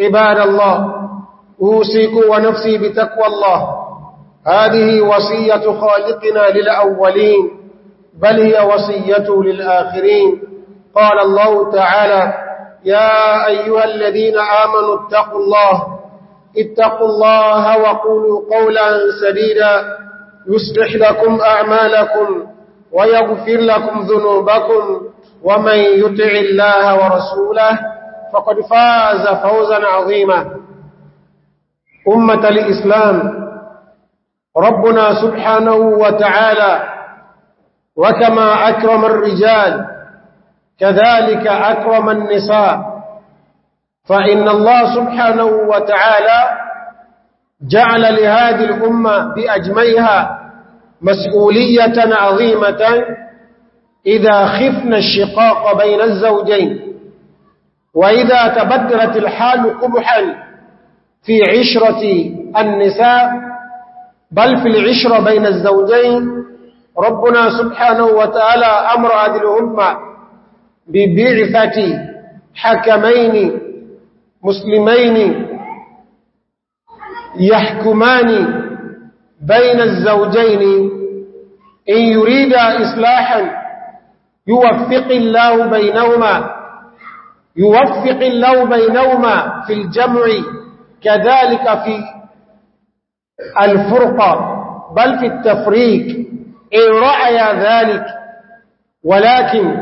عباد الله أوسيك ونفسي بتقوى الله هذه وصية خالقنا للأولين بل هي وصيته للآخرين قال الله تعالى يا أيها الذين آمنوا اتقوا الله اتقوا الله وقولوا قولا سبيلا يسلح لكم أعمالكم ويغفر لكم ذنوبكم ومن يتع الله ورسوله فقد فاز فوزا عظيما أمة الإسلام ربنا سبحانه وتعالى وكما أكرم الرجال كذلك أكرم النساء فإن الله سبحانه وتعالى جعل لهذه الأمة بأجميها مسؤولية عظيمة إذا خفنا الشقاق بين الزوجين وإذا تبدلت الحال قبحا في عشرة النساء بل في العشرة بين الزوجين ربنا سبحانه وتعالى أمر أدلهم ببعثة حكمين مسلمين يحكمان بين الزوجين إن يريد إصلاحا يوفق الله بينهما يوفق الله بينهما في الجمع كذلك في الفرقة بل في التفريق إن رأي ذلك ولكن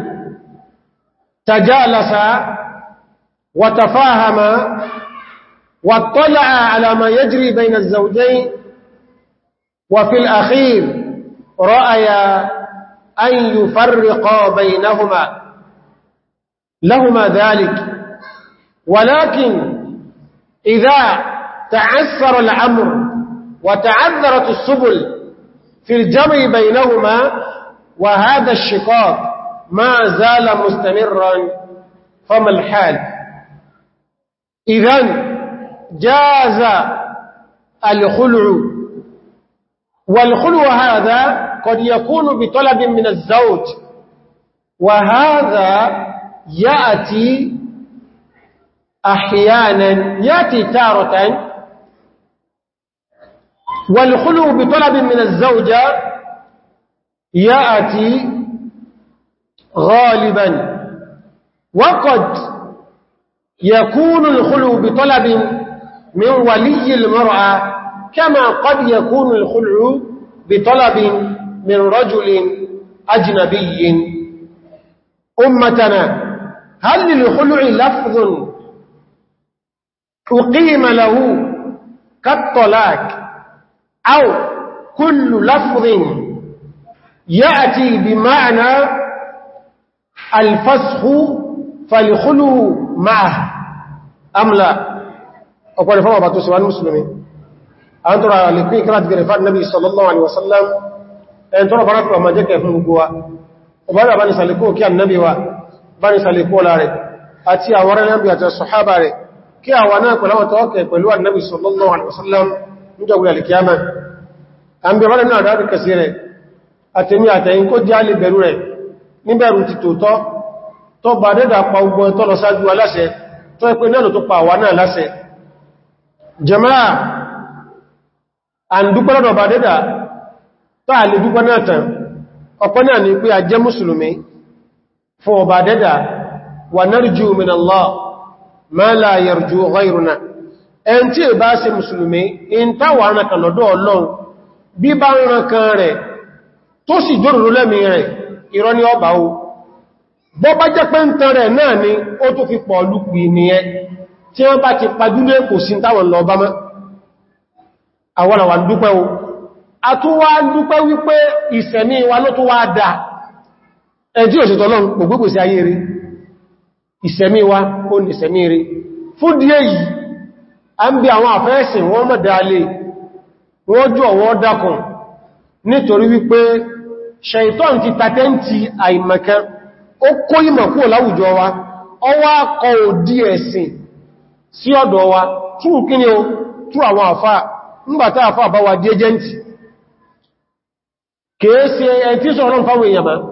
تجالس وتفاهم واطلع على ما يجري بين الزوجين وفي الأخير رأي أن يفرق بينهما لهما ذلك ولكن إذا تعسر الأمر وتعذرت السبل في الجمع بينهما وهذا الشقاق ما زال مستمرا فما الحال إذن جاز الخلع والخلع هذا قد يكون بطلب من الزوج وهذا يأتي أحيانا يأتي تارة والخلو بطلب من الزوجة يأتي غالبا وقد يكون الخلو بطلب من ولي المرأة كما قد يكون الخلو بطلب من رجل أجنبي أمتنا هل للخلع لفظ أقيم له كالطلاق أو كل لفظ يأتي بمعنى الفسخ فالخلو معه أم لا أقول فما بعد سواء المسلمين أن ترى لكي كرات قرفاء النبي صلى الله عليه وسلم أن ترى فرات وما جاك يفهم قوة وبدأ بأن يسألكوه كان النبي وقال bá ní sàlẹ̀kọ́lá rẹ̀ àti àwọn rẹ̀lẹ́bì àti ṣọ̀hábà rẹ̀ kí àwọn náà pẹ̀lú àwọn tọ́ọ̀kẹ̀ pẹ̀lú annabi sallallahu alaihi wasallam ní jọgbẹ̀ alìkiyama an bí rọ́lẹ̀ náà dáadù kẹsì rẹ̀ àtẹ̀mí àtẹ̀yìn kó jẹ́ alì bẹ̀rù rẹ̀ níbẹ̀rù ti tòótọ́ tó bá dẹ́dà pa ogun tó lọ sáájú aláṣẹ tó fún ọba wa wà narjú min Allah ma la yarjú ghayruna ẹn tí ìbá sí musulmi in táwà ránkan lọ́dọ̀ ọlọ́run bí bá kan rẹ̀ tó sì jórùrú lẹ́mí rẹ̀ irọ́ ní ọba o bọ́ bá jẹ́ pé ń rẹ̀ náà ni ó tó fi pọ̀ lúpù tí wọ́n ẹjí òṣètò ọlọ́run gbogbo sí ayé rí ìsẹ̀mí wa ó ní ìsẹ̀mí rí fún díẹ̀ yìí a ń bí àwọn àfẹ́ẹ̀sìn wọ́n mọ̀ dáalé wọ́n jọ wọ́n dákan nítorí wípé ṣẹ̀ìtọ́n ti tàtẹ́ntì àìmọ̀kan ó kó ìmọ̀ o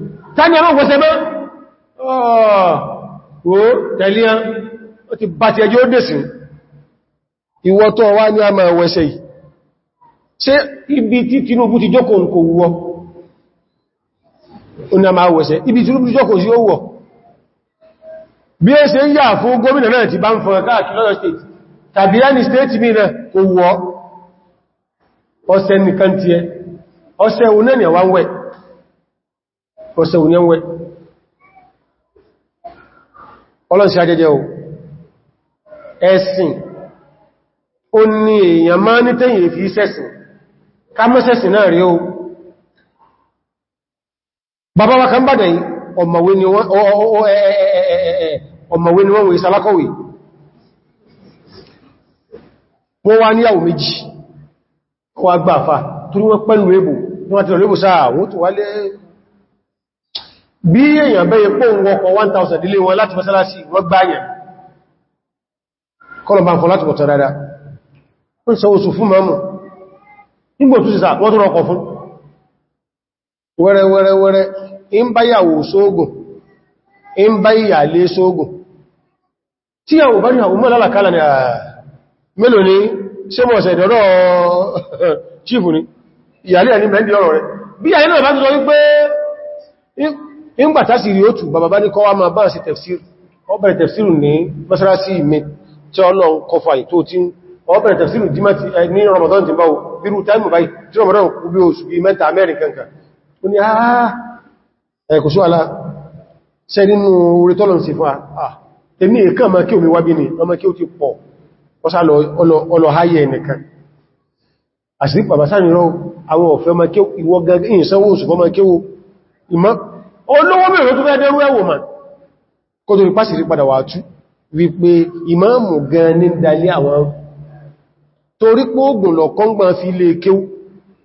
tani ẹmọ́ gbọ́sẹ̀ mọ́ ọ̀ọ̀ tẹ̀lé ẹn ó ti bá ti ẹjọ́ ó dèsì ìwọ tó wá ní àmà ẹwẹ́sẹ̀ yìí ṣe ibi tí Tinubu ti jókòó kò wọ́ oní àmà ẹwẹ́sẹ̀ ibi Tinubu ti jókòó sí ó wọ́ bí ẹ ṣe ń yà fún gómìnà náà ti bá ń fọ̀rọ̀ káàkiri lọ́dọ̀ state tàbí ẹni state mi náà kò wọ́ ọ̀sẹ̀ nìkan ti ẹ ọ̀sẹ̀ onẹ́nìyàn wá ń wẹ̀ ọ̀sẹ̀ òní ẹwẹ́ ọlọ́nṣe ajẹjẹ o ẹ̀sìn ó ní èèyàn máa ní tẹ́yìn fi sẹ́sìn ká mẹ́sẹ̀sìn náà ni wọ́n wọ́n ìsálákọ̀wé wọ́n wá níyàwó méjì wọ́n agbáfà torí wọ́n pẹ̀lú ẹbù wọ́n àti ọ̀lẹ́bù sáà wọ́n tó wálé bí èyàn bẹ́yẹ pọ̀ ń 1000 ilé wọn láti mọ́sálásí wọ́n gbáyàn kọlọ̀bá fún láti pọ̀tọ̀ dáadáa ń sọ oṣù fún mọ́mù nígbò tó sísà wọ́n rọkọ̀ fún wẹ́rẹ́wẹ́rẹ́wẹ́rẹ́ in bá sóògùn in sóògùn tí yàwó bá yàwó mọ́ lálàkálà mélòó ni ìgbàtà sí rí òtù bàbá ní kọwa ma bá ṣe tafsir ọbẹ̀rẹ̀ tafsir ní mẹ́sàrásí mi tí ọlọ́run kọfà ìtò tí ọbẹ̀rẹ̀ tafsir ní eh, Ramadan ti báwọ̀ bírú táìmù báyìí tí Ramadan kú bí oṣù bí mẹ́ta Amẹ́rin kankan ó ní àà ẹ̀kùsù alá ṣẹ́ nínú orí tọ́lọ̀ sí fún à èmi èkán ma kí omi wá bí ní ọmọ kí ó ti pọ̀ ọsá lọ olówó mẹ́rin tó fẹ́ dẹ́rú ẹwò mà kó tó rípá sí rí padà wà tú wípé ìmáàmù gan ní dalí àwọn torí pé ogun lọ kọ́ngbà fi lè e kéw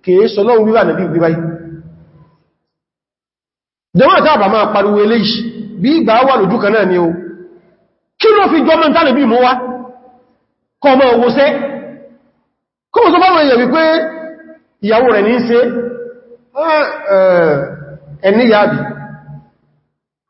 kèé sọlọ́run wíwà nàbí wíwáyí jẹmọ́ tàbà máa pariwo eléyìí bí ìgbà wà lójú kan náà ni o kí ló fi jọmọ́ tàbí bí mọ́ wá kọ mọ́ owó sẹ́ kó mọ́ sọ bá wọ́n yẹ̀ wípé ìyàwó rẹ̀ ní í ṣe ah, eh, ẹni yàbí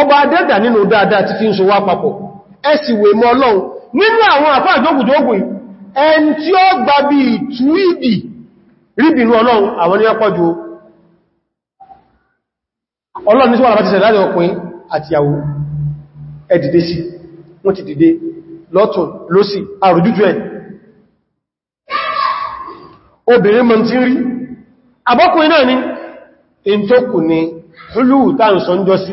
ọba adẹ́dà nínú dáadáa ti fi ń so wá papọ̀ ẹsì wè mọ́ ọlọ́run nínú àwọn àfá àjọ́gùdógùn ẹn tí ó gba bí ìtú ìdì ríbìnú ọlọ́run àwọn ní ọpọ̀ jù ọlọ́run níṣọ́ àbáti sẹ̀ láti ọkùnrin àti àwọ ẹ̀dìdé ni in tó hulu tá ń sọ ń jọ sí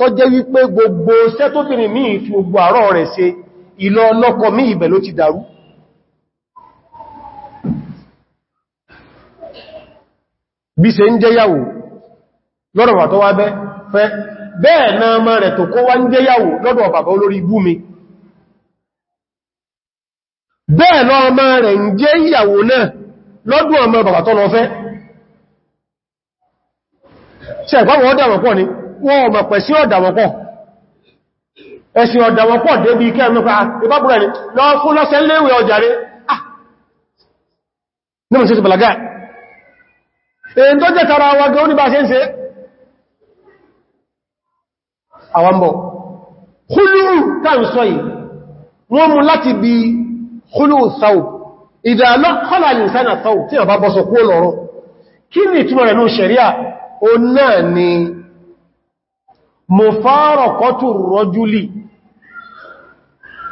tó jẹ́ wípé gbogbo iṣẹ́ tó fi gbogbo rẹ̀ ṣe ìlọ mí ìbẹ̀ ló ti dárú bí ṣe ń jẹ́yàwó wà tó wá bẹ́ fẹ́ bẹ́ẹ̀ náà mọ́ rẹ̀ tó kó wá ń jẹ́yàwó lọ́dọ̀ bàbá olórí ibú mi ọmọ rẹ̀ ń náà ni wọn ò mọ̀ pẹ̀ sí ọ̀dàwọ̀pọ̀ ẹ̀sìn ọ̀dàwọ̀pọ̀ débi ikẹ́ ẹ̀mọ́pá ìbábúrẹ̀ ni lọ fún lọ́sẹ̀ léwẹ̀ ọjàre ah! náà sí ìbàlágá èyí tó jẹ́ tara wa gan oníbà ṣe ń ṣe àwọn bọ̀ húlúù táà sọ yìí wọ́n mú láti bí húlúù sáwù ìdàlọ́kọ́lá ìsánà sáwù tí kí ni ìtumọ̀ rẹ̀ ní ṣẹ̀ríà o náà ni مفارقة الرجل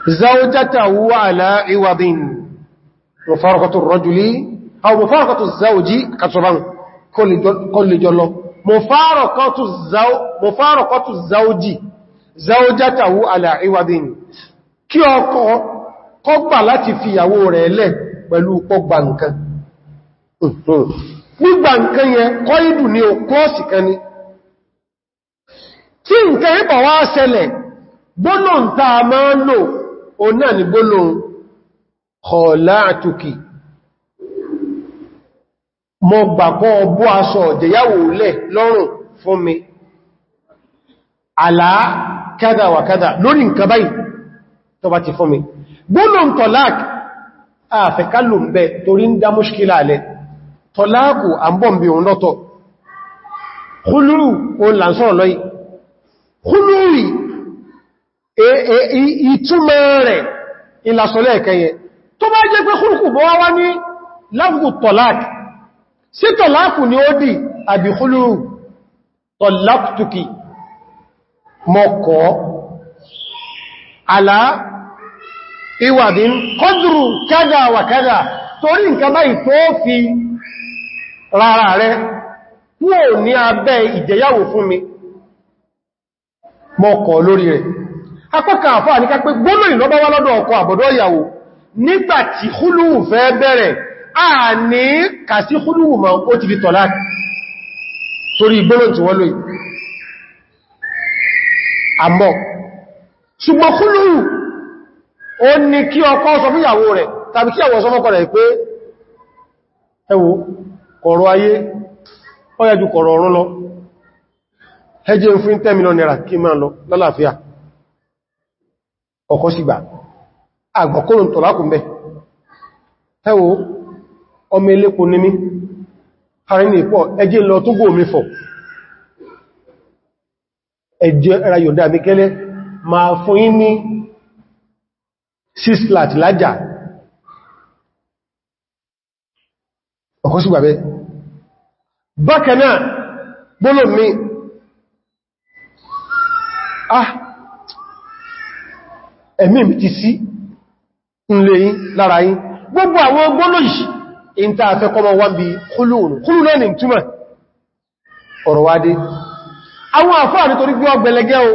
زوجته على عوض مفارقة الرجل أو مفارقة الزوج كتبان كل جلو مفارقة, الزو مفارقة الزوج زوجته على عوض kí ọkọ kọgbà láti fi ìyàwó rẹ̀ lẹ̀ pẹ̀lú kọgbà nǹkan. gbígbà nǹkan yẹn kọ́ ìdù ní o kọ́ọ̀sì kan ni tí nǹkan ẹ̀bọ̀ wá ṣẹlẹ̀ gbólóhùn tá a máa ń lò o náà ni gbólóhùn khala'tuki mo gbàkọ́ ọbú aṣọ ọ̀dẹ̀yàwó lẹ̀ lọ́rùn fún mi àlá kádà wà kádà lórí nǹkan báyìí tó bá ti fún mi gbólóhùn tọ́lák àfẹ́kálò ń torí ń dá múṣkílà alẹ́ tọ́lákù àbọ̀m̀bí òun lọ́tọ̀ kúlù òun là lọ́yìí kúlúrì ìtumọ̀ rẹ̀ ìlàsọ̀lẹ̀ ẹ̀kẹyẹ tó bá jẹ́ pé kúrùkù bọ́ wá ní láfùkù tọ̀láàkì sí tọ̀láàkù ni ó dì àbí kúlúrù tọ̀láàkùtùkì mọ́kọ̀ alá ìwàdí kọjúrù kẹ́gà wà kẹ́gà torí nǹkan báyìí tó fi rárá rẹ̀ kúò ní abẹ́ ìjẹyàwó fún mi mọ́kọ̀ lórí rẹ̀. Apọ́kà àfáà ní ká pé gbólóyìn lọ́bá wá lọ́dọ̀ ọkọ àbọ̀dọ̀ ìyàwó nígbàtí húlù fẹ́ bẹ̀rẹ̀ a ní kàsí húlù mọ̀ ó ti fi tọ̀lá torí gbólóyìn tí wọ́n lóyìn. Àmọ́, ṣùgbọ́n húlù ó ní kí ọkọ sọ fún lọ ẹjẹ́ fún 10 million naira kí máa lọ lálàáfíà ọkọ̀ sígbà ọmọ elépo harin ìpọ̀ ẹjẹ́ lọ tó góòmí fọ̀ ẹjẹ́ ẹra yọ̀dá mikẹ́lẹ́ ma fún yín ní 6 lájà ọkọ̀ sígbà bẹ́ bákanáà mi ah ẹ̀mí mi ti sí ńlẹ̀ lára gbogbo àwọn gbọ́nà yìí in ta fẹ́ kọmọ wọ́n bí kúlùrù kúlùrù ní túnmọ̀ ọ̀rọ̀ wá dé àwọn àfáà nítorí gbọ́ o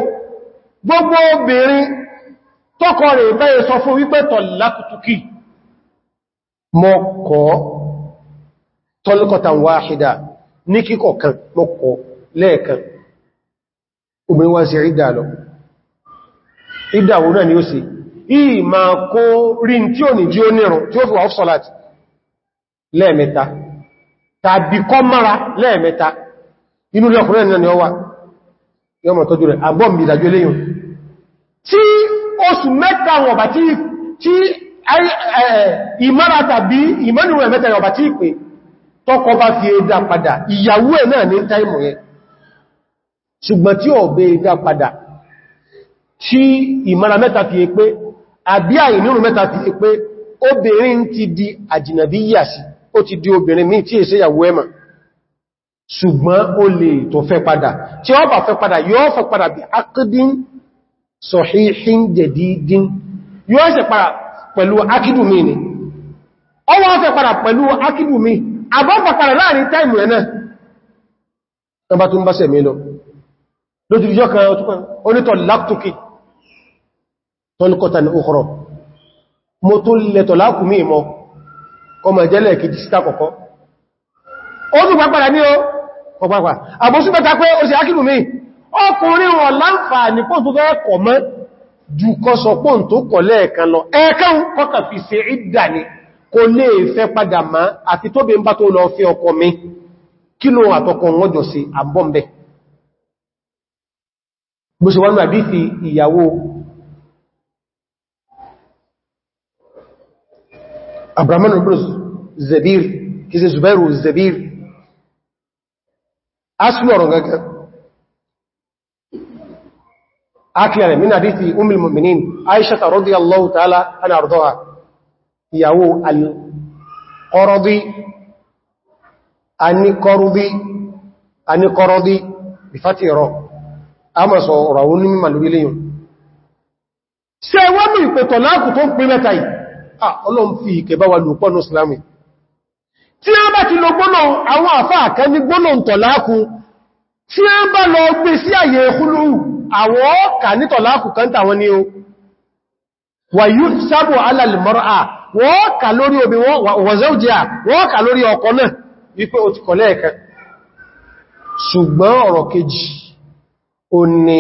gbogbo obìnrin tọ́kọ rẹ̀ bẹ́ẹ̀ sọ fún wípé tọ̀lákùtùkì mọ́kọ̀ tọ́lùkọ̀tàn ní kíkọ̀ kan mọ́kọ̀ lẹ́ẹ̀kan obìnrin wá sí ìdà lọ ìdà wo náà ni ó sì ìyí ma kó rí tí ò ní jí ó nírun tí ó fi wà ọ́fṣọ́láti lẹ́ẹ̀mẹ́ta tàbí kọ́ mara lẹ́ẹ̀mẹ́ta inú ilé ọkùnrin náà ni ó wà yọ́ mọ̀ tọ́jú rẹ̀ agbọ́m bí ìdàjú eléyìn tí bá fi ẹ̀dà padà ìyàwó ẹ̀ náà ní táìmù yẹn ṣùgbọ́n tí ọ̀bẹ̀ ìdá padà tí ìmara mẹ́ta fi è pé àbí àìnírù mẹ́ta fi è pé obìnrin ti di àjìnàbí yàsí ó ti di obìnrin mí tí èsẹ́ ìyàwó ẹ̀mà ṣùgbọ́n ó lè tó fẹ́ padà tí ó bá fẹ́ padà yóò fẹ́ padà bí akídín sọ̀híhín jẹ̀dídín yóò ṣe padà pẹ̀lú akídùmí ni ó wọ́n fẹ́ padà pẹ̀lú akídùmí àbọ́ padà láàrin táìmù ẹ̀ náà tán bá bá sẹ̀mí lọ ló ti fìjọ́ kan ọtún kan onítọ̀ láptòkì tọ́lùkọ́ta ní òkúrọ̀ mo tó lẹ́tọ̀ lákùnmí ìmọ̀ ọmọ ìjẹ́lẹ̀ kejì síta kọ̀kọ́ ó tún pàpàdà ní ó pàpàpà àbúsùgbẹ́ta pé ó sì ákìlù mi ọkùnrin wọn láǹfààní pọ́ tó fẹ́ kọ̀ mọ́ jù kọ́ sọ pọ́ tó kọ̀ lẹ́ẹ̀kan lọ ẹ̀ẹ́kan bó ṣe wọ́n àbí fi ìyàwó abramanu bruce zabir kì sí zubairu zabir asúlọ̀rọ̀ gẹ́gẹ́ akìyàrẹ̀ min àdíti umil mu'minin aisha ta radiyallahu ta'ala ana ardaha ìyàwó al-qorobi anikorobi anikorobi bifati rọ̀ a mọ̀ sọ ọ̀rọ̀ àwọn onímọ̀ lórí léyìn ṣe wọ́n mú ìpẹ̀tọ̀ láàkù tó ń pín mẹ́ta yìí ọlọ́run fi ìkẹbá wa lòpọ̀ ní islami tí a bá ti lo gbónà àwọn àfáà kan ní gbónà tọ̀láàkù tí a bá lọ gbé sí àyè ẹkúlù àwọ̀ ọ̀kà ní tọ̀láàkù ṣùgbọ́n ọ̀rọ̀ kejì ó ní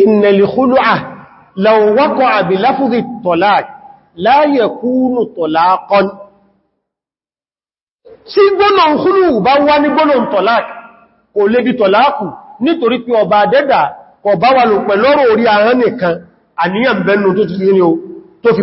ìnẹ̀lìkúlùá lọ́wọ́kọ̀ àbìláfúdì tọ́lák láyé kúrù tọ́lákọ́n tí gbọ́nà kúrù bá wá ní gbọ́nà tọ́lák kò lè bí tọ́lákù nítorí pé ọba dẹ́dà kò bá wà lò pẹ̀lọ́rọ̀ orí ahọ́n nìkan àníyàn bẹ́nu tó fi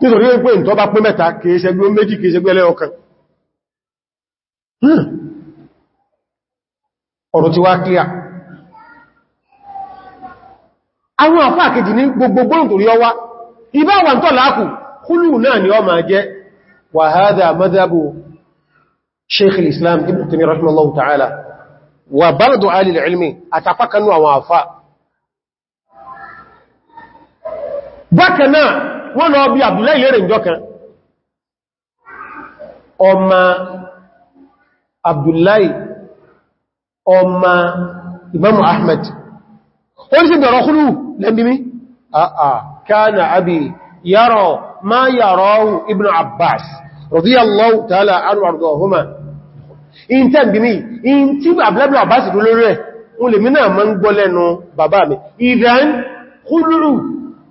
nítorí wípé ìntọ́ bá pín mẹ́ta kìí ṣẹgbẹ́ méjì kìí ṣẹgbẹ́ lẹ́ọ̀kan hmm. ọ̀rọ̀ ti wá kíyà àwọn àfáà kejì ní gbogbogbò nítorí ọwá ibá wà tọ́ láàkù ni ọ ma sheikh al-islam ta'ala wa ilmi bákanáà wọ́n lọ bí Abdullahi lérè ìjọ kan ọmọ Abdullahi ọmọ Imam Ahmed ó ní sí bẹ̀rọ kúrú lẹ́bìmí àà kánà abi yàrọ ma yàrọ Ibn Abbas radiyallahu ta'ala anhu ardahuma in tẹ́ bí mi in tí Abdullahi Abbas dúró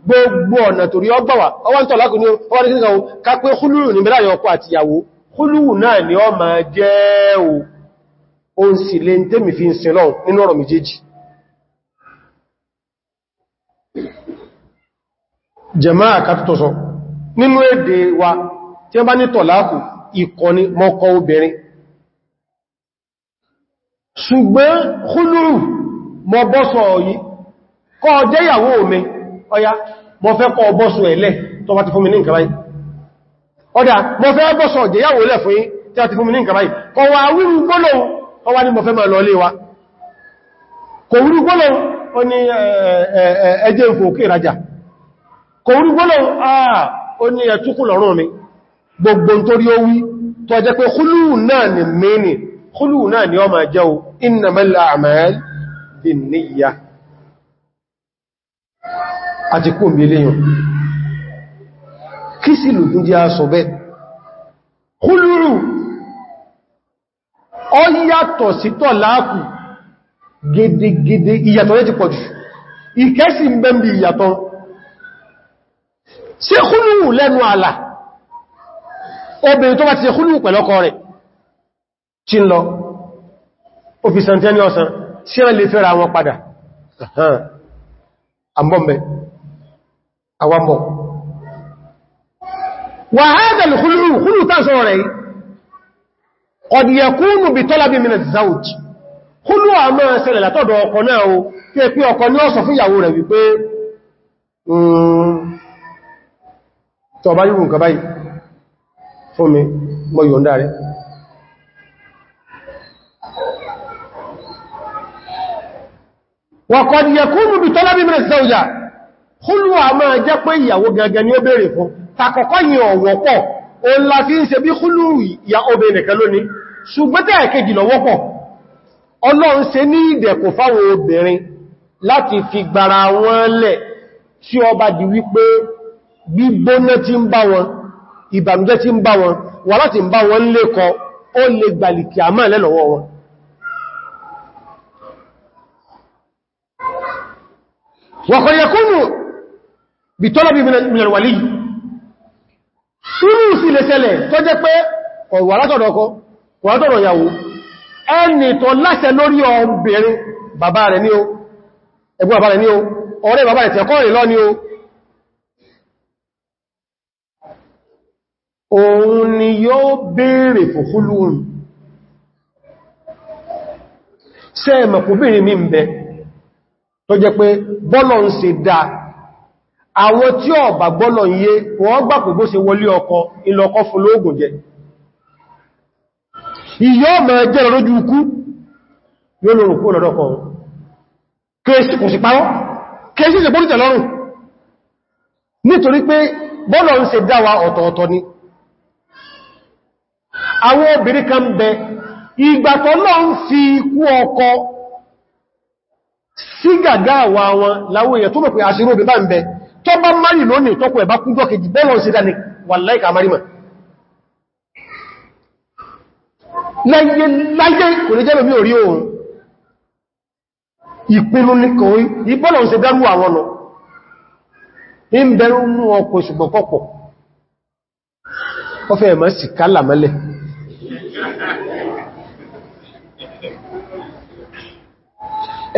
gbogbo ọ̀nà torí ọgbàwà ọwọ́n tọ́lá kò ní ọwọ́n ní kíkàwó kápé húlùrù ní bẹ́lá yọkọ àti ìyàwó húlùrù náà ni ọ ma jẹ́ o o ń sì lè tẹ́mì fi ń sinlọ nínú ọ̀rọ̀ méjèèjì wa tí wọ́n bá ní tọ̀láàkù ìkọni mọ́kọ obìnrin ṣùgbọ́n húlùrù mọ́ bọ́sọ̀ kọ́ jẹ́ ìyàwó mi ọya mo fẹ́ kọ́ ọbọ́sù ẹ̀lẹ́ tó bá ti fún mi ní nǹkan báyìí ọdá mo fẹ́ ọbọ́sù ọ̀jẹ̀yàwó lẹ̀ fún yí tí a ti fún mi ní nǹkan báyìí kọ wà wíru gbólóhùn ọwá ní mo fẹ́ máa lọ lé wa kò wíru gbólóhùn ó ní ẹjẹ́ ìfò bin niyyah àti kó mi léyàn kí sí lòdún jẹ́ aṣọ bẹ́ kúlùrù ọ yàtọ̀ sítọ̀ láàkù gẹ́gẹ́gẹ́ ìyàtọ̀ rẹ̀ ti pọ̀jù ìkẹ́sì ń bẹ́m̀bì ìyàtọ̀ ṣe kúlùrù lẹ́nu àlà obìnrin tó bá ti ṣe kúlùrù pẹ̀lọ́kọ rẹ̀ tí ń lọ òfìsàntẹ́ni ọ̀sán sí ẹ̀rẹ́ lè fẹ́ra wọn padà àmbọ̀mẹ́ àwàbọ̀ wà hádà lùkúlù tán sọ rẹ̀ ọdíyàkúnù bí tọ́lábí min az-zawj kúlù àmọ́ ṣẹlẹ̀ látọ̀dọ̀ ọkọ náà o kí ẹ pé ọkọ ní ọ̀sọ̀ fún ìyàwó rẹ̀ wípé tọba yìí bí tọ́lábí min az-zawja Húlù a máa jẹ́ pé ìyàwó gangan ni ó bèèrè fún, takọ̀kọ́ yìí ọ̀wọ̀ pọ̀, o ń la fi ń ṣe bí húlù ìyà obìnrin kan lónìí, ṣùgbẹ́tẹ̀ ẹ̀kejì lọ́wọ́ pọ̀. Ọlọ́run ṣe ní ìdẹ̀kù fáwọn obìnrin láti fi gbara wọn lẹ̀ tí ó bitọ́lọ́bí mìnàlùwàlì ṣúrù sí lè ṣẹlẹ̀ tó jẹ́ pé ọ̀wà látọ̀dọ̀ ọkọ wà tọ̀rọ̀ ìyàwó ẹni tó láṣẹ lórí ọmọbìnrin bàbá rẹ̀ ní o ẹgbọ́n bàbá rẹ̀ ní o ọ̀rẹ́ bàbá rẹ̀ tẹ̀kọ́ rẹ̀ lọ òun ni yóò béèrè fòfúlùn sẹ́ẹ̀mọ̀kúbìnrin ń bẹ tó jẹ́ pé bọ́lọ̀ ń ṣe dáa àwọn tí ó bá gbọ́lọ̀ yé wọ́n gbà pé bó ṣe wọlé ọkọ ìlọ́kọ́ fún lóògùn jẹ ìyọ́ mọ̀ jẹ́ lójú ikú yóò lòrùn kú lọ́dọ́kọ̀ kéèsì kò sí parọ́ kéèsì ṣe bóríjẹ̀ ni àwọn obìnrin kan bẹ ìgbàtọ̀ náà ń fi ikú ọkọ sí gàgá àwà wọn láwọn èèyàn tó mọ̀ bá márì lónìí tọ́kù ẹ̀bá kújọ́ kejì bẹ́lọ̀ sí dáni wà láìka marímà láyé láyé kò ní jẹ́lẹ̀ orí oòrùn ìpinnu ní kòrí ìbọ́lọ̀ sí dárú àwọn ọ̀nà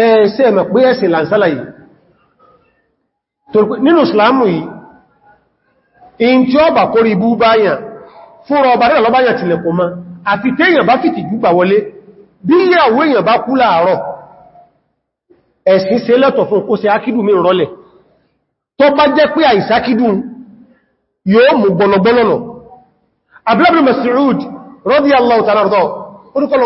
ẹ̀ẹ́sẹ́ pé ẹ̀sìn nínú islamu yìí in tí ó bà kórí ibú báyàn fúnra ọba rẹ̀ lọ́báyàn tilẹ̀kùn ma àti téèyàn bá fìtì júgbà wọlé bí ìyàwó èèyàn bá kú láàárọ̀ ẹ̀sìn ṣe lẹ́tọ̀ fún kó ṣe ákídù mi rọlẹ̀ tó bá jẹ́ pé àìsákídù yóò mú gbọlọgbọlọ̀nà abúlábùn Mas'ud radiyallahu ta'ala rọ̀ orúkọlọ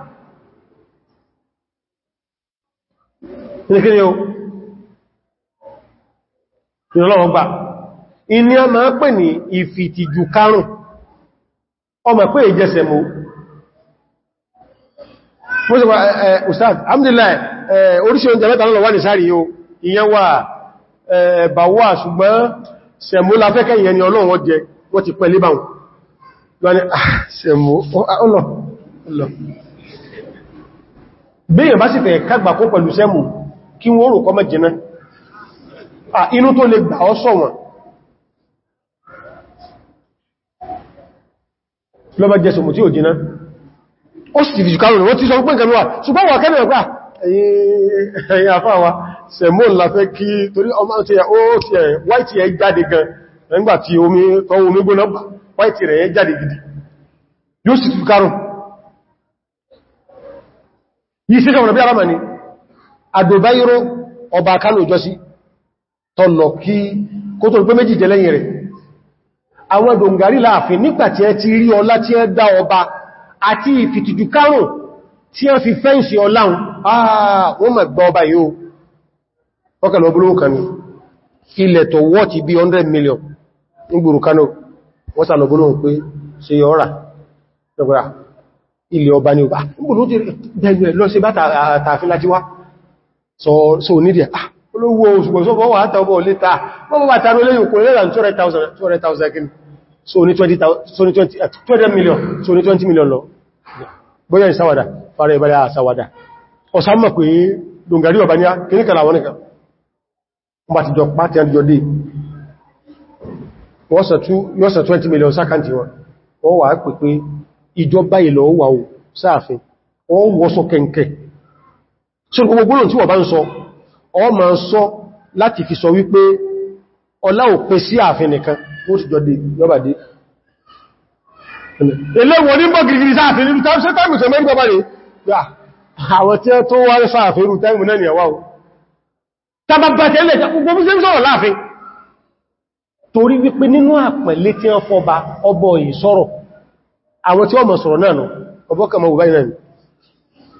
ìrìnkiri o ìrọlọ́wọ́ gbà iní a máa pè ní ìfìtìjú karùn ọmọ pé ìjẹsẹ̀ mú mú sí wà ustad alhamdulillah oríṣìí oúnjẹ mẹ́ta lọ́wọ́ wà ní sáàrí yóò ìyẹn wà bàwọ́ ṣùgbọ́n sẹ̀mú láfẹ́kẹ́ ìyẹn ni ọlọ́run jẹ wọ́n ti pẹ̀lú báwọn wọ́n ni ah, sẹ̀mú ọlọ́ bí èyàn bá sì fẹ̀ kágbà kó pẹ̀lú sẹ́mù kí wọ́n rò kọ́ mẹ́jìnà inú tó lè gbà ọ́ sọ̀wọ̀n lọ́bà jẹsùn mú tí ò jìnà ó sì ti fi ṣùkárò wọ́n ti sọ pé nǹkan wà ṣùgbọ́n wà kẹ́mẹ̀ ọ̀pá ẹ̀yìn àfáwà sẹ̀mọ́ láfẹ́ kí e ọmọ tí ó ti ẹ̀ wáìtì ẹ̀ omi àdòbáyíró ọba kánò ìjọsí tọ́lọ̀ kí kó tó pé méjì tẹ́lẹ́yìn rẹ̀ àwọn dòǹgarí láàfin nígbàtí ẹ ti rí ọlá tí ẹ dá ọba àti ìfìtìjú kárùn tí ẹ fi fẹ́ǹsì ọláhun àà ah, wọ́n mọ̀ gbọ́ ọba million nígbòrò kánò wọ́n sàlọ̀ ọbúrúwò pé ṣe yọ́ra ilẹ̀ ọba ni ọba ah, nígbòrò ti dẹ̀gbẹ̀ lọ sí bá tààfin láti wá so so ní díẹ̀ ah olówó ṣùgbọ́n sọ́bọ̀ wà tàbọ̀ létà wọ́n bá tàbí olóyìn kò lẹ́lá 200,000 kìí so ní 20 eh, million so ní 20 million lọ bóyá ìsáwàdà fara ìbára àsáwàdà ọ̀sánmà pé dongari ọba ní kìníkàlà wọn nìkan bá ti jọ pàtí àdìjọ dé yọ́sà 20 million sákàntì wọn wọ́n wà pẹ̀ pé ìjọba ìlọ wà ó sáàfin wọ́n wọ́sọ kẹ́ǹkẹ́ so gbogbo gbóòrùn tí wọ́n bá ń sọ ọ ma ń sọ láti fi sọ wípé ọlá ò pè sí ààfin nìkan ó sì jọdé lọ́bàdé eléwọ̀n ní bọ́ gírígírí sáàfin ní tàbí sẹ́tàmì tó mẹ́rin gbọ́bàdé àwọn tí ó tó wá rí sáàfin rú tẹ́mù náà nìyàwó tàbàbàtẹ́lẹ̀ gbogbo bí sẹ́mùsọ̀rọ̀ láàfin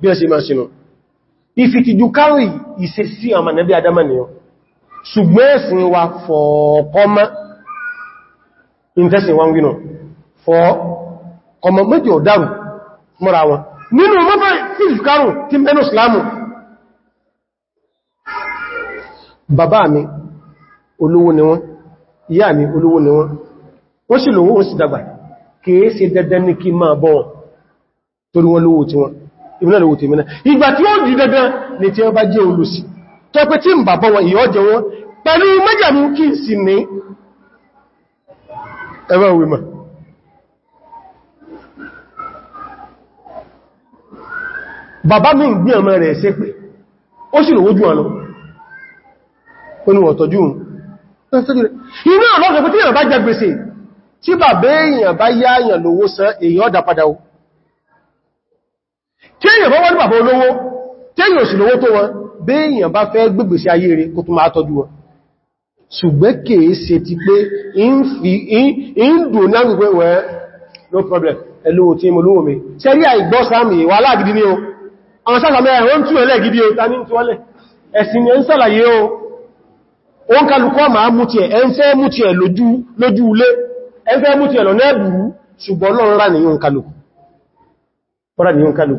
bí ẹ ṣe máa ṣe nù ìfìtìjú kárí ìṣe sí ọmọ nẹ́bí adámanìyàn ṣùgbọ́n ẹ̀sìn wa fọ̀ọ̀kọ́mọ́ ìntẹ́sìn wọn wínà fọ̀ọ̀kọ́mọ́ méjì ọ̀dárù mọ́ra wọn nínú mọ́fà ìfìkárùn tí mẹ́nu ni wọ́n ìyá mi olówó ni wọ́n wọ́n sì lówó wọ́n sì dàgbà kìí ṣe dandan ní kí máa bọ́ wọn torí ìmìnà lówó tèmìnà ìgbà tí ó di dandan ní tí ó bá jẹ́ olùsì tó pé tí ń bàbọ́ wọn ìyọ́jẹ́ wọn pẹ̀lú mẹ́jàmú kí sì ní ẹwà òwìmọ̀ bàbá mi ń gbí ọmọ rẹ̀ ṣe pé ó sì lòwójú ọ̀nà gbèsè bàbá bá yá san o tí èyàn wọ́n wọ́n bàbá olówó tí èyàn sì lówó tó wọn bí èyàn bá fẹ́ gbègbè sí in dùn náà no problem ẹlówó tí mo lówó mi ṣe rí àìgbọ́ sáàmì wà láàgidi ní o àwọn sáàmì ẹ̀rọ ń túnẹ̀lẹ̀ gidi o ta ní túnẹ̀lẹ̀ ẹ̀sìn ẹ̀ ń sàlàyé o ó ń kalùkọ́ máa mú tiẹ̀ ẹ̀ ń fẹ́ mú tiẹ̀ lójú ilé ẹ̀ ń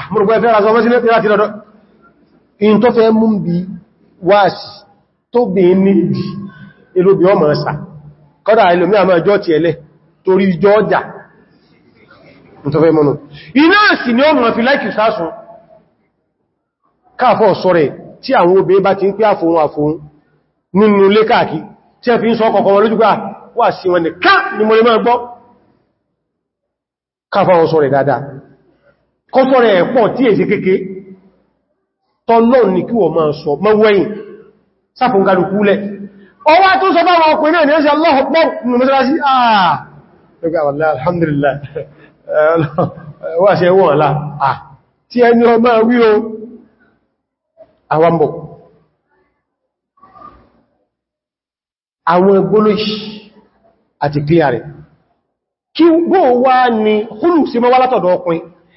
àmúrùgbọ́ ah, ẹ̀fẹ́ ra sọmọ́sí lẹ́pẹ́ láti lọ́dọ́ in tó fẹ́ mú bí wáàsì tó bí ní ìdí elóbi ọmọ ẹ̀sà kọ́dà ilòmí àmọ́ ẹjọ́ ti ẹlẹ́ torí ìjọ ọjà tó fẹ́ mọ́nà ni ọmọ fi láìkì sásun káàfọ́ sọ́rẹ̀ tí àwọn obìnrin bá ti sọ ọkọ̀ dáadáa kọ́tọ́ rẹ̀ pọ̀ tí èsì kéèké tọ́lọ́ ní kí wọ́n máa sọ mọ́wẹ́yìn sáfùngalùkúlẹ̀ ọwá tó sọ báwọn ọkùnrin náà ni ó sì Allahu Akbar nù mọ́sánásí àà alhamdulillah eh, wà ṣe wọ́n alá à ah! tí ẹni ọmọ wí o àwambọ̀ àwọn gbólóṣì àti kíyà rẹ̀ kí bó wá ní húlù sí mọ́wálátọ̀dọ̀ ọkùnrin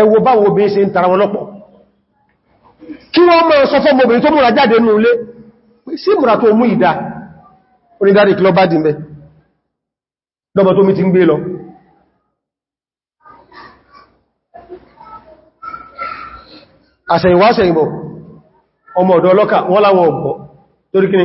ẹwọ báwọn obìnrin ṣe ń tara wọn lọ́pọ̀ kí wọ́n mọ́ sọ fún obìnrin tó múra jáde ní ilé sí múra tó mú ìdá kí lọ bá dìmẹ́ lọ́bọ̀ tó mi ti ń lọ àṣẹ̀yìnwá àṣẹ̀yìnbọ̀ ọmọ ọ̀dọ́ ọlọ́kà wọ́n láwọn ọ̀pọ̀ kí ni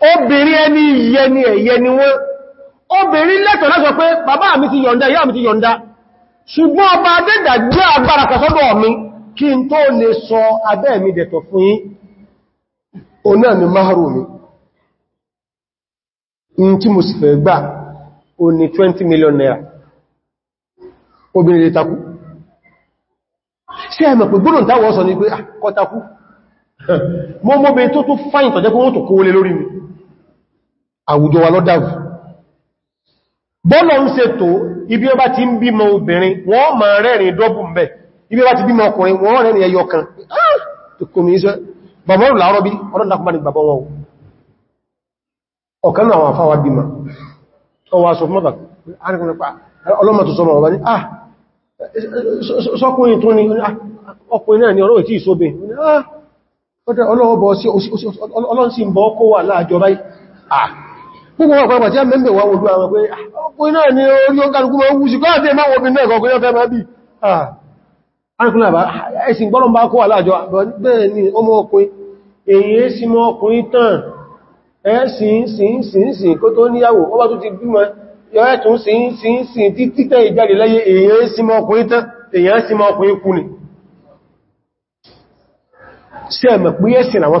obìnrin ẹni yẹ ni ẹ̀yẹ ni wọ́n obìnrin lẹ́tọ̀ lọ́sọ pé bàbá mi ti yọ̀nda ìyá mi ti yọ̀nda ṣùgbọ́n ọba adẹ́dà gbé agbára kàsọ́dọ̀ mi kí n tó lè sọ abẹ́ mi dẹ̀tọ̀ fún o náà ni máàrù mi in mo sì fẹ́ gbà o ní sí ẹ̀mọ̀ pé gbónà táwọn ní pé àkọ́takú ah, mọ́ tó tó wọ́n tó àwùjọ wa lọ dàrú bọ́lọ̀ ń ṣe tó ibi ọba ti ń bímọ obìnrin wọ́n ma rẹ́rin dọ́bù mẹ́ ibi ọba ti bímọ ọkùnrin wọ́n rẹ́rin ẹyọ kan ah! tókùnmí iṣẹ́ ni ah, ah! ọlọ́wọ́ ah! bọ́ sí ọlọ́nsìn bọ́ kó wà láàjọ báyìí ah púpọ̀ ọ̀pọ̀pọ̀ tí a mẹ́mẹ́ wà ojú àwọn pé ah, ọkùn iná ni orí ọkàlùkú ma ń wú sí kọ́ àti ẹmọ́ obìn náà kọkùn yọ́fẹ́ máa bí ààrùn ah, àbá ah, ẹ̀sìn gbọ́nà bá kó aláàjọ bẹ́ẹ̀ ni ọmọ ọkùnrin èyí sí mọ́ ọkùnrin tàn ẹ̀sìn sín sín sín kó tó níyàwó ọba tó ti bímọ yọ́ẹ̀tún sín sín sín tí títẹ́ ìjáde láyé èyí sí mọ́ ọkùnrin tàn èyí sí mọ́ ọkùnrin kú ni sí ẹ̀mẹ̀ pé ẹ̀sìn àwọn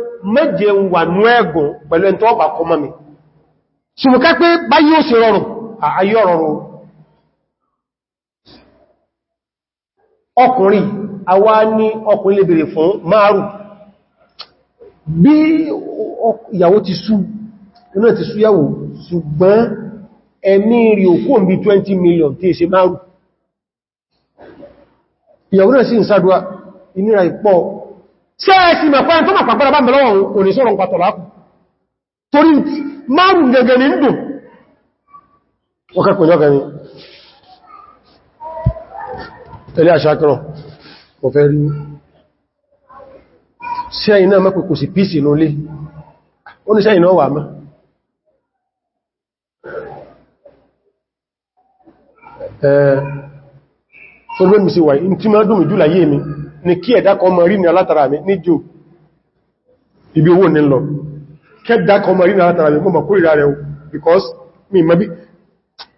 méje ń wà ní ẹ̀gùn pẹ̀lú ẹni tó ọba kọ mọ́ mi ṣùgbọ́n ká pé báyí ó sì rọrùn àyí ọ̀rọ̀rọ̀ ọkùnrin àwa ní ọkùnrin lè bèèrè fún márùn bí ìyàwó ti sú iná ti sú yàwó ṣùgbọ́n ẹ̀mí rí òkú òmí 20 million tí è ṣe márùn ìyàwó náà sì ń sádùá ìnira ìpọ̀ ṣe ẹ̀sì mẹ̀kọ́ tó mọ̀ pàpàrà bá ń bẹ̀lọ́wọ̀ oníṣọ́rọ̀ pàtàlákù torí márùn gẹ̀gẹ̀ ní dùn ọkàkùnjọ́ gẹ̀ni tẹ́lẹ̀ àṣákìrọ̀ kò fẹ́ rí ṣe iná mẹ́kù kò sí píìsì lólé oníṣẹ́ iná wà mẹ́ ẹ̀ẹ́ tó lórí ni kí ẹ̀dá kan mọ̀ rí ní alátara mi ní jò ibi owó ní lọ kẹ́dá kan mọ̀ rí ní alátara mi mọ́ mọ̀ kórìíra rẹ̀ because mi mọ́ bí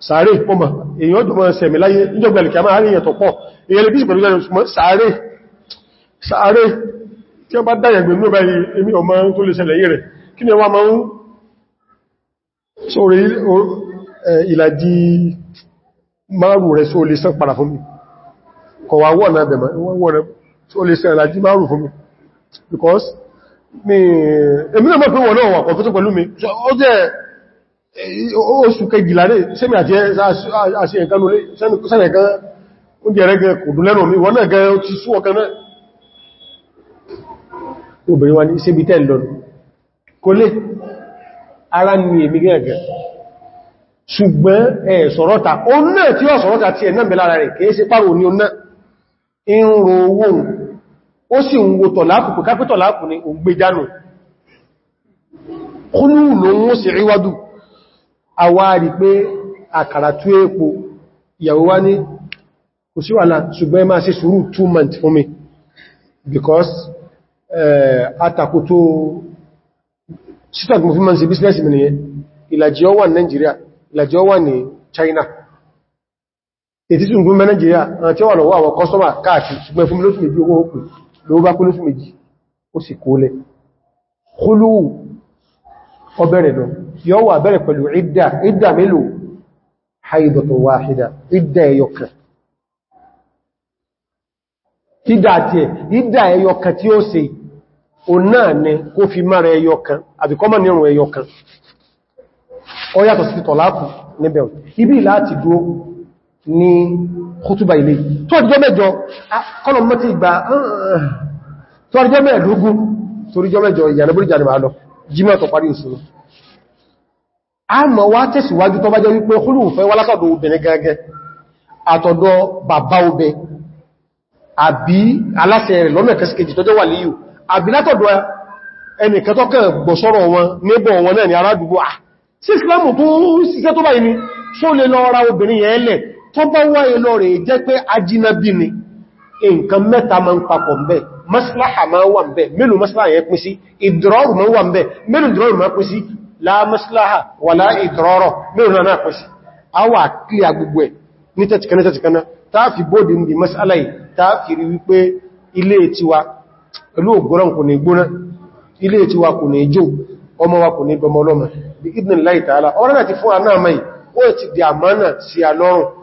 sàárè pọ́mọ̀ èyàn ọdún mọ́ sẹ̀mì láyé níjọ́gbẹ̀lẹ̀ kí a máa rí ẹ̀tọ̀ pọ̀ èyàn lè bí ìpẹ̀lú ẹ̀rọ ṣùgbọ́n sàárè sàárè tí wọ́n bá dáyẹ̀gbẹ̀ ní ọbáyé èmi ọmọ tó lè ṣẹlẹ̀ yìí wọ́n rẹ̀ tí ó lè ṣe ìlàjí márùn fún mi because mi èmi náà mọ̀ pé wọ́n náà wà kọ̀fẹ́ tó pẹ̀lú mi ó jẹ́ eh, oṣù kẹjìlá lè sẹ́mi àti àṣẹ ìkanú lè sẹ́nì kan oúnjẹ rẹ̀ kò dùn lẹ́nu mi wọ́n náà gẹ́ ó ti sú ọkàn náà obìnrin wa ní ṣébí tẹ́ lọ́nà kò lè ara ní èmi gẹ́gẹ́ ṣùgbọ́n ẹ̀ sọ̀rọ̀ta ó náà tí ó sọ̀rọ̀ta tí ẹ̀ náà bẹ̀ lára rẹ̀ kìí ṣe pàrò ní ó náà ń ro owó ó sì ń wo tọ̀láàkù pẹ̀ kápẹ́ tọ̀láàkù ni òun gbé jánù kúlù lóhun ó sì ríwádù àwárí pé àkàrà tú èpo ìyàwó wá ní kò sí wà náà ṣùgbọ́n ẹ máa ṣe sùúrù two months fún mi because àtàkótó eh, sítàkì mo fi máa ń ṣe business mi nìyẹn ìlàjì ó wà ní Nigeria ìlàjì ó wà ní China ètí tí gúnmẹ́ Nàìjíríà àti wà lọ́wọ́ àwọn kọ́sọ́mà káàkiri ṣùgbọ́n fún lóṣù méjì owó òkú ló bá kú lóṣù méjì ó sì kó lẹ kúlúù ọbẹ̀rẹ̀ lọ yọ́ wà bẹ̀rẹ̀ pẹ̀lú ìdá ìdá mélòó haidọ̀tọ̀ wáhídà ìdá ẹyọkà ìdá àti ẹ̀ ìdá ẹyọkà tí ó ibi láti dúó ní kútúbà ilé tó àdíjọ́ mẹ́jọ kọlọ̀mọ́ ti gba ah, tó àdíjọ́ mẹ́ẹ̀lógún toríjọ́ mẹ́jọ ìyànàbórí jàdì máa lọ jímọ̀ tó parí ìṣòro a mọ̀ wá tẹ̀síwájú tó bá jẹ́ wípé olùfẹ́ wá látọ̀dọ̀ obìnrin gẹ́gẹ́ àtọ̀dọ̀ bàbá obẹ àbí aláṣẹ rẹ̀ lọ́nà kẹsìkejì tó jẹ́ wà líyù àbí látọ̀dọ̀ ẹnìkan tó kàn gbọ̀sọ́rọ̀ wọn níbọ̀ wọn ah, sí Islam tó ń ṣiṣẹ́ tó báyìí ni só lè lọ ra obìnrin yẹn lẹ̀ tó bá wáyé lọ rẹ̀ jẹ́ pé ajínàbí ni nǹkan mẹ́ta ma ń papọ̀ mbẹ̀ maslaha ma wà mbẹ̀ mélòó maslaha yẹ pín sí ma wà mbẹ̀ mélòó ìdìrọ́rù ma pín sí la maslaha wà lá ìdìrọ́rọ̀ náà pín sí a wà kí agbogbo ẹ̀ ní tẹ́tìkaná tẹ́tìkaná táàfi bóòdì ọmọ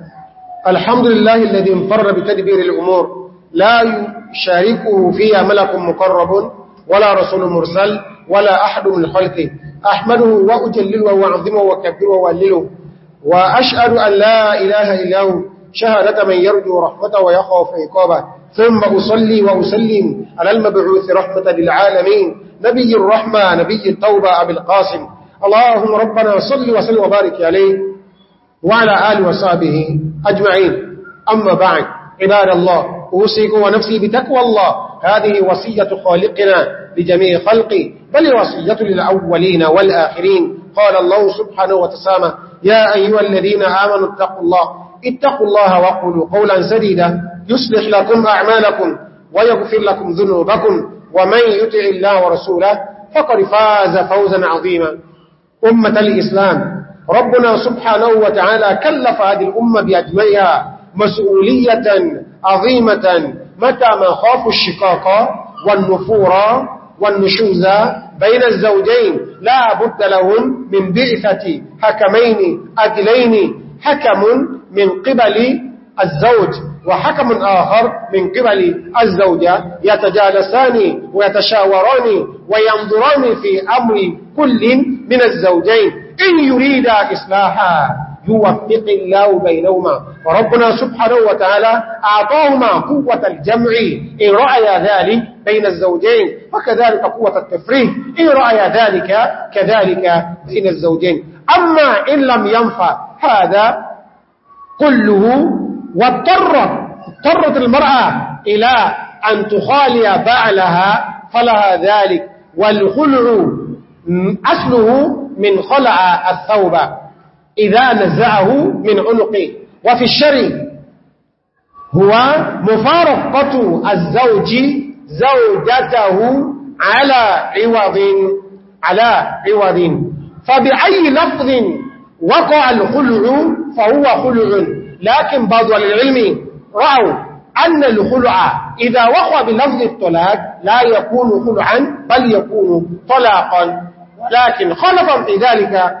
الحمد لله الذي انفر بتدبير الأمور لا يشاركه فيها ملك مقرب ولا رسول مرسل ولا أحد من خلقه أحمده وأجلله وأعظمه وكبره وألله وأشهد أن لا إله إلا هو شهادة من يرجو رحمته ويخاف عقابه ثم أصلي وأسلم على المبعوث رحمة للعالمين نبي الرحمة نبي التوبة أبي القاسم اللهم ربنا صل وسلم وبارك عليه وعلى آله وصحبه أجمعين أما بعد عباد الله أوصيكم ونفسي بتقوى الله هذه وصية خالقنا لجميع خلقه بل وصية للأولين والآخرين قال الله سبحانه وتسامى يا أيها الذين آمنوا اتقوا الله اتقوا الله وقولوا قولا سديدا يصلح لكم أعمالكم ويغفر لكم ذنوبكم ومن يطع الله ورسوله فقد فاز فوزا عظيما أمة الإسلام ربنا سبحانه وتعالى كلف هذه الأمة بأجمعها مسؤولية عظيمة متى ما خافوا الشقاق والنفور والنشوز بين الزوجين لا بد لهم من بعثة حكمين أدلين حكم من قبل الزوج وحكم آخر من قبل الزوجة يتجالسان ويتشاوران وينظران في أمر كل من الزوجين إن يريدا إصلاحا يوفق الله بينهما وربنا سبحانه وتعالى أعطاهما قوة الجمع إن رأي ذلك بين الزوجين وكذلك قوة التفريق إن رأي ذلك كذلك بين الزوجين أما إن لم ينفع هذا كله واضطرت اضطرت المرأة إلى أن تخالي بعلها فلها ذلك والخلع أسله من خلع الثوب إذا نزعه من عنقه وفي الشرع هو مفارقة الزوج زوجته على عوض على عوض فبأي لفظ وقع الخلع فهو خلع لكن بعض العلم رأوا أن الخلع إذا وقع بلفظ الطلاق لا يكون خلعا بل يكون طلاقا لكن خلفا في ذلك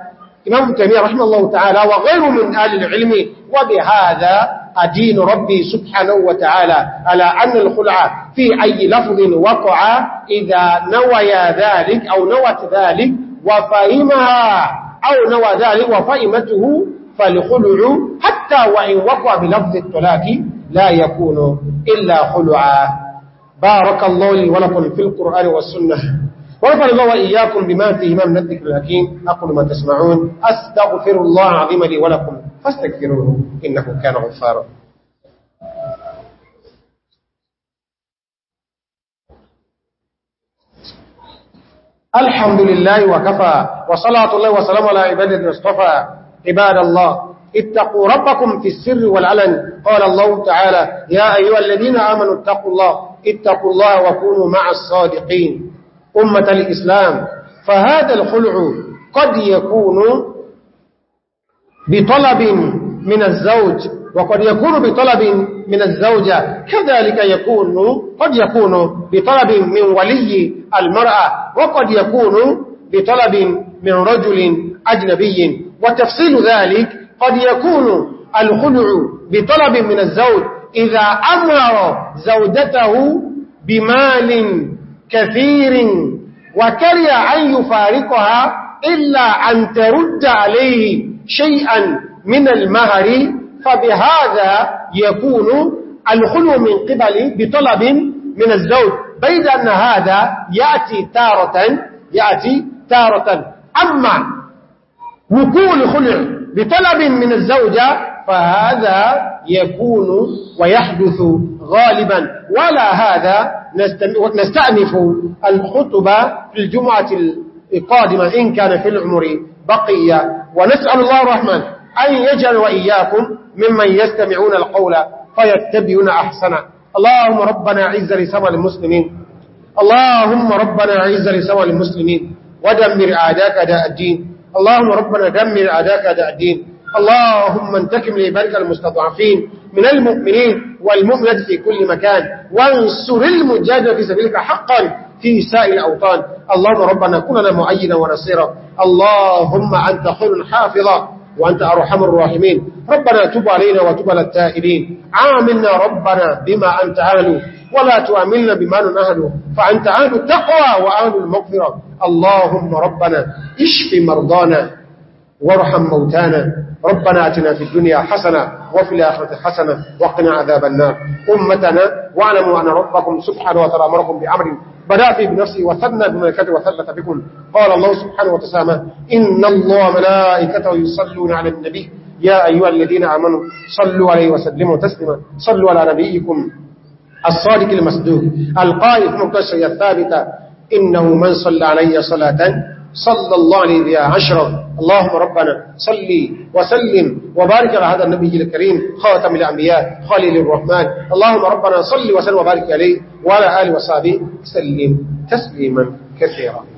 إمام تيمية رحمه الله تعالى وغير من أهل العلم وبهذا أدين ربي سبحانه وتعالى على أن الخلع في أي لفظ وقع إذا نويا ذلك أو نوت ذلك وفهمها أو نوى ذلك وفهمته فالخلع حتى وإن وقع بلفظ التلاك لا يكون إلا خلعا بارك الله لي ولكم في القرآن والسنة ونفعل الله وإياكم بما فيهما من الذكر الحكيم أقول ما تسمعون أستغفر الله العظيم لي ولكم فاستغفروه إنه كان غفارا الحمد لله وكفى وصلاة الله وسلام على عباد المصطفى عباد الله اتقوا ربكم في السر والعلن قال الله تعالى يا أيها الذين آمنوا اتقوا الله اتقوا الله وكونوا مع الصادقين أمة الإسلام فهذا الخلع قد يكون بطلب من الزوج وقد يكون بطلب من الزوجة كذلك يكون قد يكون بطلب من ولي المرأة وقد يكون بطلب من رجل أجنبي وتفصيل ذلك قد يكون الخلع بطلب من الزوج إذا أمر زوجته بمال كثير وكري أن يفارقها إلا أن ترد عليه شيئا من المهر فبهذا يكون الخلو من قبل بطلب من الزوج بيد أن هذا يأتي تارة يأتي تارة أما وكول خلع بطلب من الزوجة فهذا يكون ويحدث غالبا ولا هذا نستأنف الخطبة في الجمعة القادمة إن كان في العمر بقية ونسأل الله الرحمن أن يجعل وإياكم ممن يستمعون القول فيتبعون أحسن اللهم ربنا عز لسوى المسلمين اللهم ربنا عز لسوى المسلمين ودمر أعداك داء الدين اللهم ربنا دمر أعداك داء الدين اللهم انتكم لإبارك المستضعفين من المؤمنين والمؤمنات في كل مكان وانصر المجادة في سبيلك حقا في سائر الأوطان اللهم ربنا كننا معينا ونصيرا اللهم أنت خير حافظا وأنت أرحم الراحمين ربنا تب علينا وتب للتائلين عاملنا ربنا بما أنت أهله ولا تؤملنا بما ننهله فأنت أهل التقوى وأهل المغفرة اللهم ربنا اشف مرضانا وارحم موتانا ربنا أتنا في الدنيا حسنة وفي الآخرة حسنة وقنا عذاب النار أمتنا واعلموا أن ربكم سبحانه وتعالى أمركم بأمر بدأ في بنفسه وثبنا بملكته وثبت بكم قال الله سبحانه وتسامى إن الله ملائكته يصلون على النبي يا أيها الذين آمنوا صلوا عليه وسلموا تسلما صلوا على نبيكم الصادق المصدوق القائف مكتشر الثابت إنه من صلى علي صلاة صلى الله عليه يا أشرف اللهم ربنا صلي وسلم وبارك على هذا النبي الكريم خاتم الأنبياء خليل الرحمن اللهم ربنا صلي وسلم وبارك عليه وعلى آله وصحبه سلم تسليما كثيرا